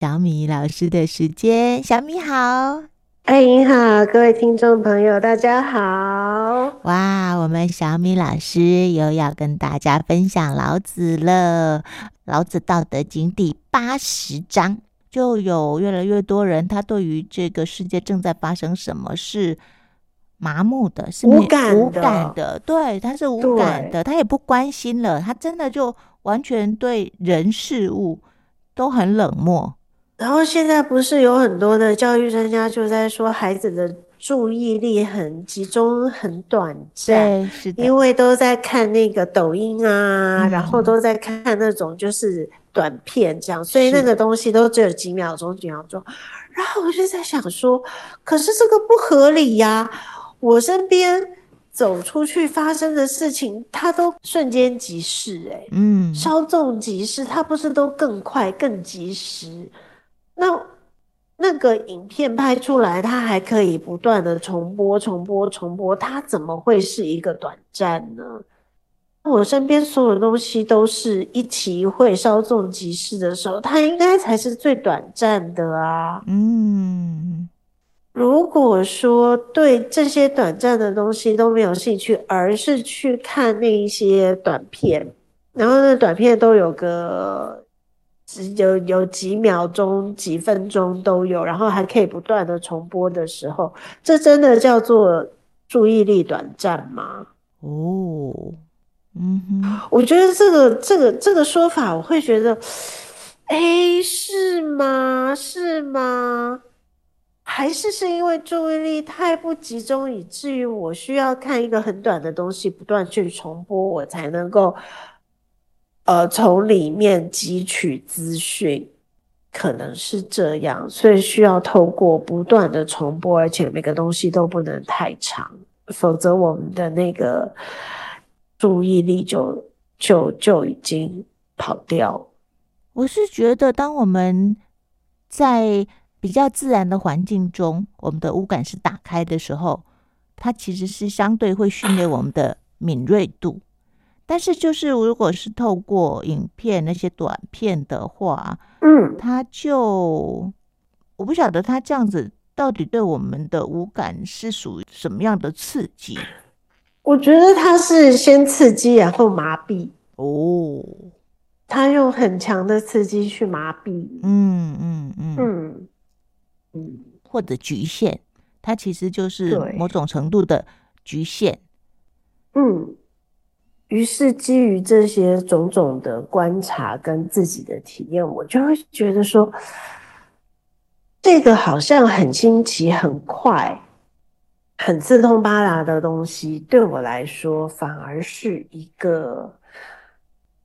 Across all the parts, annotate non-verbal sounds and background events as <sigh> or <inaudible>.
小米老師的時間，小米好，哎，您好，各位聽眾朋友，大家好！哇，我們小米老師又要跟大家分享老子了，《老子道德經》第八十章，就有越來越多人，他對於這個世界正在發生什麼是麻木的，是無感的，無感的，對，他是無感的，他也不關心了，他真的就完全對人事物都很冷漠。然後現在不是有很多的教育專家就在說，孩子的注意力很集中很短暫，對，因為都在看那個抖音啊嗯嗯，然後都在看那種就是短片這樣，所以那個東西都只有幾秒鐘幾秒鐘。然後我就在想說，可是這個不合理呀，啊！我身邊走出去發生的事情，它都瞬間即逝，欸，嗯，稍縱即逝，它不是都更快更及時？那那個影片拍出來，它還可以不斷的重播、重播、重播，它怎麼會是一個短暫呢？我身邊所有東西都是一期一會稍縱即逝的時候，它應該才是最短暫的啊。嗯，如果說對這些短暫的東西都沒有興趣，而是去看那一些短片，然後那短片都有個。有有幾秒鐘、幾分鐘都有，然後還可以不斷的重播的時候，這真的叫做注意力短暫嗎？哦，嗯哼，我覺得這個這個這個說法，我會覺得，誒，是嗎？是嗎？還是是因為注意力太不集中，以至於我需要看一個很短的東西，不斷去重播，我才能夠。呃，從裡面汲取資訊，可能是這樣，所以需要透過不斷的重播，而且每個東西都不能太長，否則我們的那個注意力就就就已經跑掉。我是覺得，當我們在比較自然的環境中，我們的五感是打開的時候，它其實是相對會訓練我們的敏銳度。 <laughs> 但是，就是如果是透過影片那些短片的話，嗯，他就我不曉得他這樣子到底對我們的五感是屬於什麼樣的刺激。我覺得他是先刺激，然後麻痹。哦，他用很強的刺激去麻痹。嗯嗯嗯嗯，或者局限，它其實就是某種程度的局限。嗯。於是，基於這些種種的觀察跟自己的體驗，我就會覺得說，這個好像很新奇、很快、很四通八達的東西，對我來說反而是一個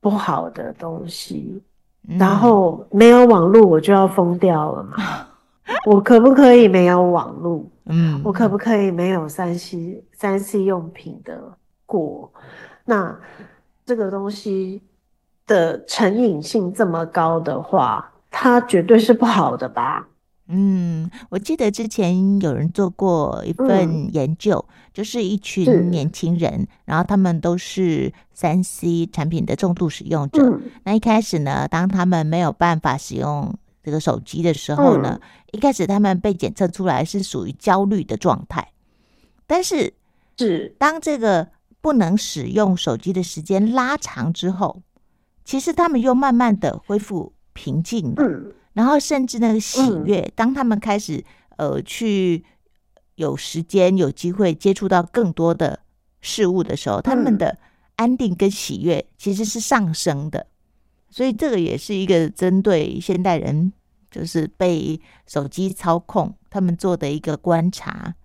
不好的東西。嗯。然後沒有網絡，我就要瘋掉了嘛？我可不可以沒有網絡？嗯，我可不可以沒有三 C 三 C 用品的過？那這個東西的成癮性這麼高的話，它絕對是不好的吧？嗯，我記得之前有人做過一份研究，嗯、就是一群年輕人，然後他們都是 3C 產品的重度使用者，嗯。那一開始呢，當他們沒有辦法使用這個手機的時候呢，嗯，一開始他們被檢測出來是屬於焦慮的狀態，但是是當這個。不能使用手機的時間拉長之後，其實他們又慢慢的恢復平靜了，嗯，然後甚至那個喜悅。當他們開始呃去有時間、有機會接觸到更多的事物的時候，他們的安定跟喜悅其實是上升的。所以這個也是一個針對現代人就是被手機操控他們做的一個觀察。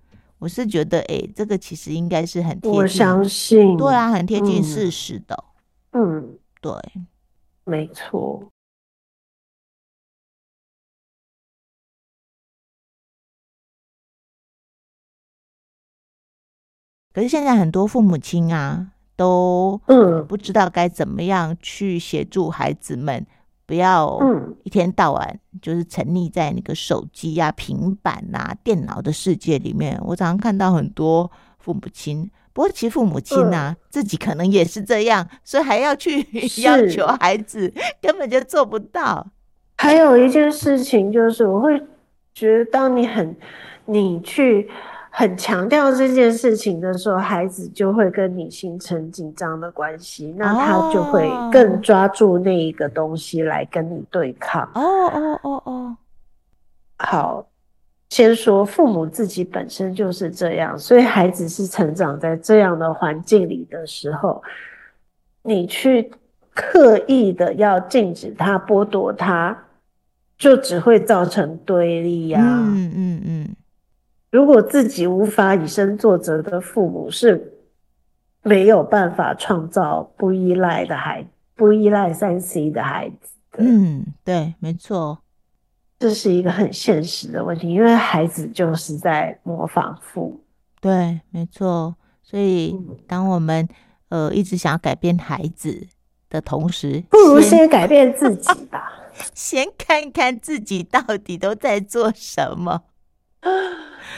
我是覺得，哎、欸，這個其實應該是很貼近，我相信，對啊，很貼近事實的，嗯，嗯對，沒錯。可是現在很多父母親啊，都不知道該怎麼樣去協助孩子們。嗯不要一天到晚、嗯、就是沉溺在那個手機啊、平板啊、電腦的世界裡面。我常常看到很多父母親，不過其實父母親啊、嗯、自己可能也是這樣，所以還要去 <laughs> 要求孩子，根本就做不到。還有一件事情就是，我會覺得，當你很，你去。很強調這件事情的時候，孩子就會跟你形成緊張的關係，那他就會更抓住那一個東西來跟你對抗。哦哦哦哦，oh, oh, oh. 好，先說父母自己本身就是這樣，所以孩子是成長在這樣的環境裡的時候，你去刻意的要禁止他、剝奪他，就只會造成對立呀、啊。嗯嗯嗯。嗯如果自己無法以身作則的父母，是沒有辦法創造不依賴的孩子，不依賴 3C 的孩子。嗯，對，沒錯，這是一個很現實的問題，因為孩子就是在模仿父母。對，沒錯。所以，當我們、嗯、呃一直想要改變孩子的同時，不如先改變自己吧， <laughs> 先看看自己到底都在做什麼。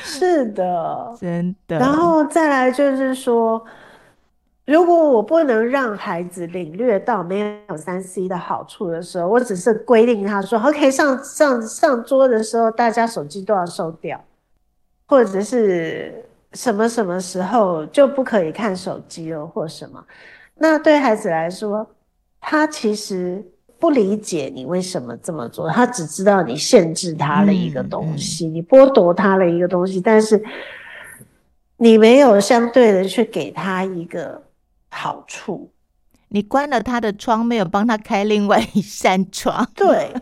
是的，真的。然後再來就是說，如果我不能讓孩子領略到沒有三 C 的好處的時候，我只是規定他說 OK 上上上桌的時候，大家手機都要收掉，或者是什麼什麼時候就不可以看手機了，或什麼。那對孩子來說，他其實。不理解你為什麼這麼做，他只知道你限制他的一個東西，嗯嗯、你剝奪他的一個東西，但是你沒有相對的去給他一個好處。你關了他的窗，沒有幫他開另外一扇窗。對，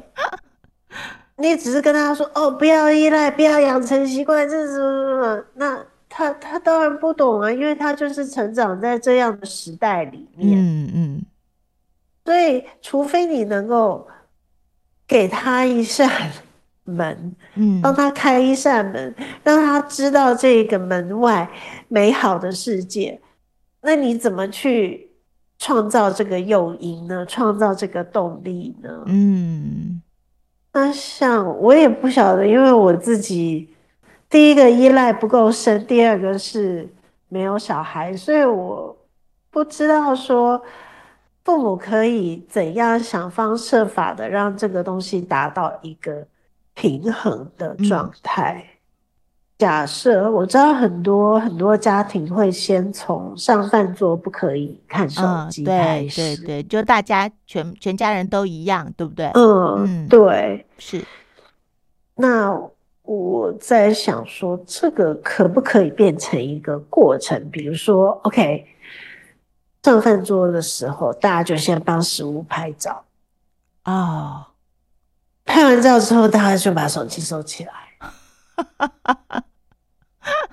<laughs> 你只是跟他說：“哦，不要依賴，不要養成習慣，這什麼什麼。”那他他當然不懂啊，因為他就是成長在這樣的時代裡面。嗯嗯。所以，除非你能夠給他一扇門，嗯，幫他開一扇門，讓他知道這個門外美好的世界。那你怎麼去創造這個誘因呢？創造這個動力呢？嗯，那像我也不曉得，因為我自己第一個依賴不夠深，第二個是沒有小孩，所以我不知道說。父母可以怎樣想方設法的讓這個東西達到一個平衡的狀態？嗯、假設我知道很多很多家庭會先從上飯桌不可以看手機，嗯，對對對，就大家全全家人都一樣，對不對？嗯，對，嗯、是。那我在想說，這個可不可以變成一個過程？比如說，OK。上飯桌的時候，大家就先幫食物拍照。哦，拍完照之後，大家就把手機收起來。哈哈哈哈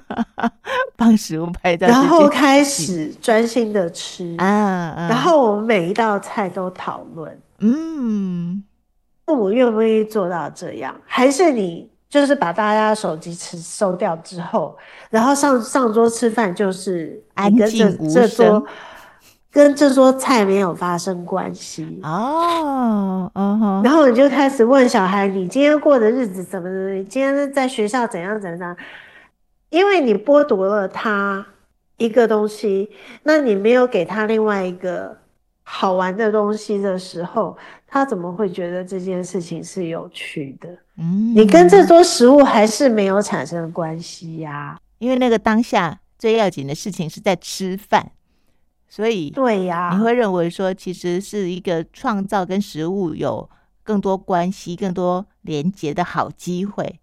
哈哈！幫食物拍照，然後開始專心的吃啊，啊。然後我們每一道菜都討論。嗯，父母願不願意做到這樣？還是你就是把大家的手機吃收掉之後，然後上上桌吃飯就是挨著這，這桌跟這桌菜沒有發生關係哦，然後你就開始問小孩：“你今天過的日子怎麼？你今天在學校怎樣怎樣？”因為你剝奪了他一個東西，那你沒有給他另外一個好玩的東西的時候，他怎麼會覺得這件事情是有趣的？嗯，你跟這桌食物還是沒有產生關係呀。因為那個當下最要緊的事情是在吃飯。所以，對呀，你會認為說，其實是一個創造跟食物有更多關係、更多連結的好機會。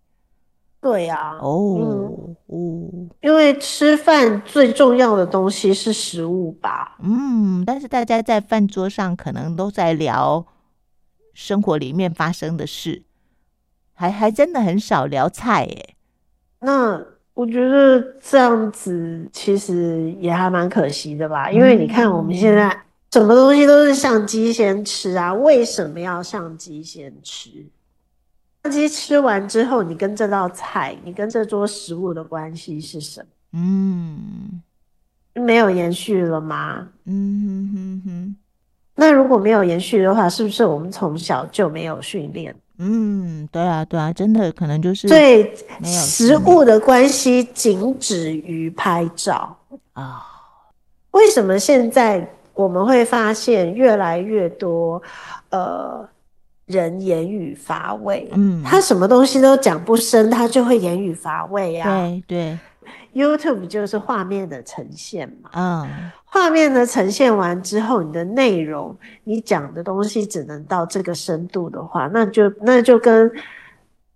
對呀、啊，哦、oh, 嗯，因為吃飯最重要的東西是食物吧？嗯，但是大家在飯桌上可能都在聊生活裡面發生的事，還還真的很少聊菜耶、欸。那。我覺得這樣子其實也還蠻可惜的吧，因為你看我們現在什麼東西都是相機先吃啊，為什麼要相機先吃？相機吃完之後，你跟這道菜，你跟這桌食物的關係是什麼？嗯，沒有延續了嗎？嗯哼哼哼，那如果沒有延續的話，是不是我們從小就沒有訓練？嗯，對啊，對啊，真的可能就是，對，食物的關係僅止於拍照啊。哦。為什麼現在我們會發現越來越多呃人言語乏味？嗯，他什麼東西都講不深，他就會言語乏味呀。啊？對對。YouTube 就是畫面的呈現嘛，嗯，畫面的呈現完之後，你的內容，你講的東西只能到這個深度的話，那就那就跟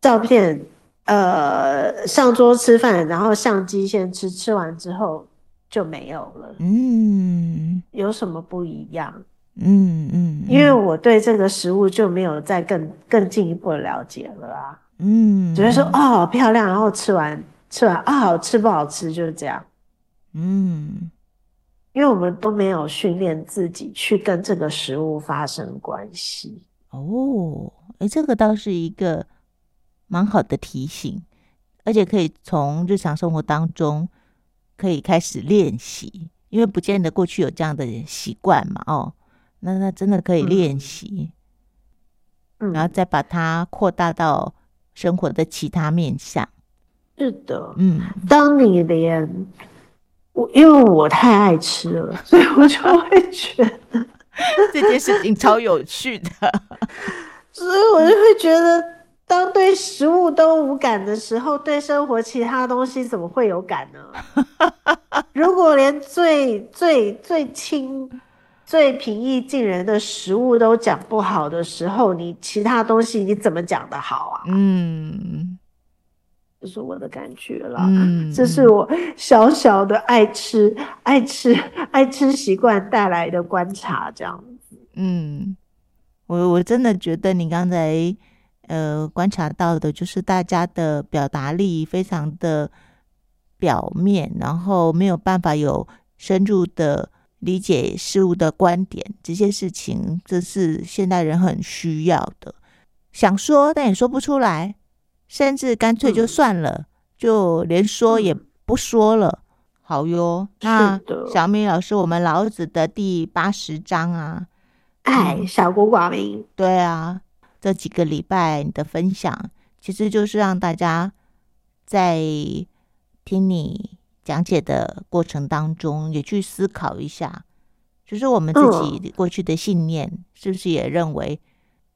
照片，呃，上桌吃飯，然後相機先吃，吃完之後就沒有了，嗯，有什麼不一樣？嗯嗯，因為我對這個食物就沒有再更更進一步了解了啊，嗯，只是說哦、喔、漂亮，然後吃完。吃完啊，好吃不好吃就是這樣，嗯，因為我們都沒有訓練自己去跟這個食物發生關係哦。哎、欸，這個倒是一個蠻好的提醒，而且可以從日常生活當中可以開始練習，因為不見得過去有這樣的習慣嘛。哦，那那真的可以練習，嗯，然後再把它擴大到生活的其他面向。嗯嗯是的，嗯，當你連我因為我太愛吃了，所以我就會覺得 <laughs> 這件事情超有趣的，所以我就會覺得、嗯，當對食物都無感的時候，對生活其他東西怎麼會有感呢？ <laughs> 如果連最最最親、最平易近人的食物都講不好的時候，你其他東西你怎麼講得好啊？嗯。這、就是我的感覺了，嗯，這是我小小的愛吃、愛吃、愛吃習慣帶來的觀察，這樣，嗯，我我真的覺得你剛才，呃，觀察到的就是大家的表達力非常的表面，然後沒有辦法有深入的理解事物的觀點，這些事情這是現代人很需要的，想說但也說不出來。甚至乾脆就算了、嗯，就連說也不說了。好喲，那小米老師，我們老子的第八十章啊，哎、哎嗯、小國寡民。對啊，這幾個禮拜你的分享，其實就是讓大家在聽你講解的過程當中，也去思考一下，就是我們自己過去的信念、嗯、是不是也認為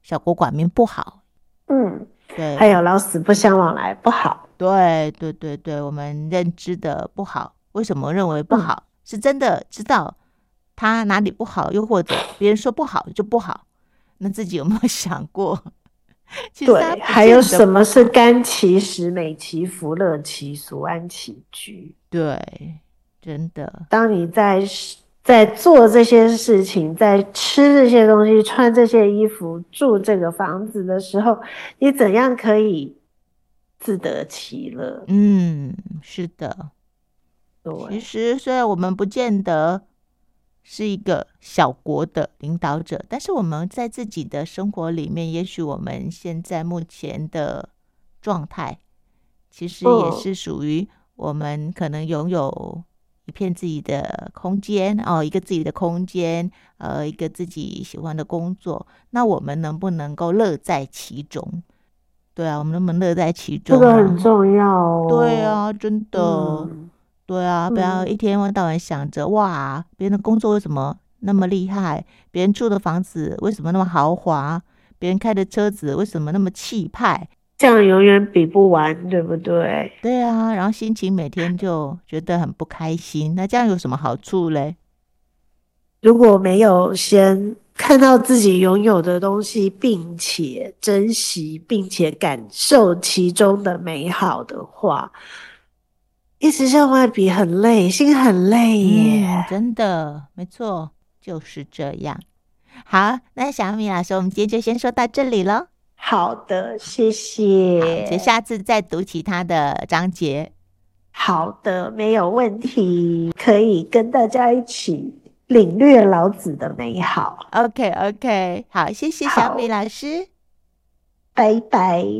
小國寡民不好？嗯。對，還有老死不相往來不好，對對對對，我們認知的不好，為什麼認為不好、嗯？是真的知道他哪裡不好，又或者別人說不好就不好，那自己有沒有想過？ <laughs> 其實對，還有什麼是甘其食，美其服，樂其俗，安其居？對，真的，當你在。在做這些事情，在吃這些東西，穿這些衣服，住這個房子的時候，你怎樣可以自得其樂？嗯，是的，對。其實，雖然我們不見得是一個小國的領導者，但是我們在自己的生活裡面，也許我們現在目前的狀態，其實也是屬於我們可能擁有，一片自己的空間哦，一個自己的空間，呃，一個自己喜歡的工作，那我們能不能夠樂在其中？對啊，我們能不能樂在其中啊？這個很重要哦。對啊，真的，嗯，對啊，嗯，不要一天到晚想着哇，別人的工作為什麼那麼厲害？別人住的房子為什麼那麼豪華？別人開的車子為什麼那麼氣派？這樣永遠比不完，對不對？對啊，然後心情每天就覺得很不開心。 <laughs> 那這樣有什麼好處嘞？如果沒有先看到自己擁有的東西，並且珍惜，並且感受其中的美好的話，一直向外比，很累，心很累耶。嗯，真的，沒錯，就是這樣。好，那小米老師，我們今天就先說到這裡嘍。好的，謝謝。下次再讀其他的章節。好的，沒有問題，可以跟大家一起領略老子的美好。OK，OK，okay, okay. 好，謝謝小米老師，拜拜。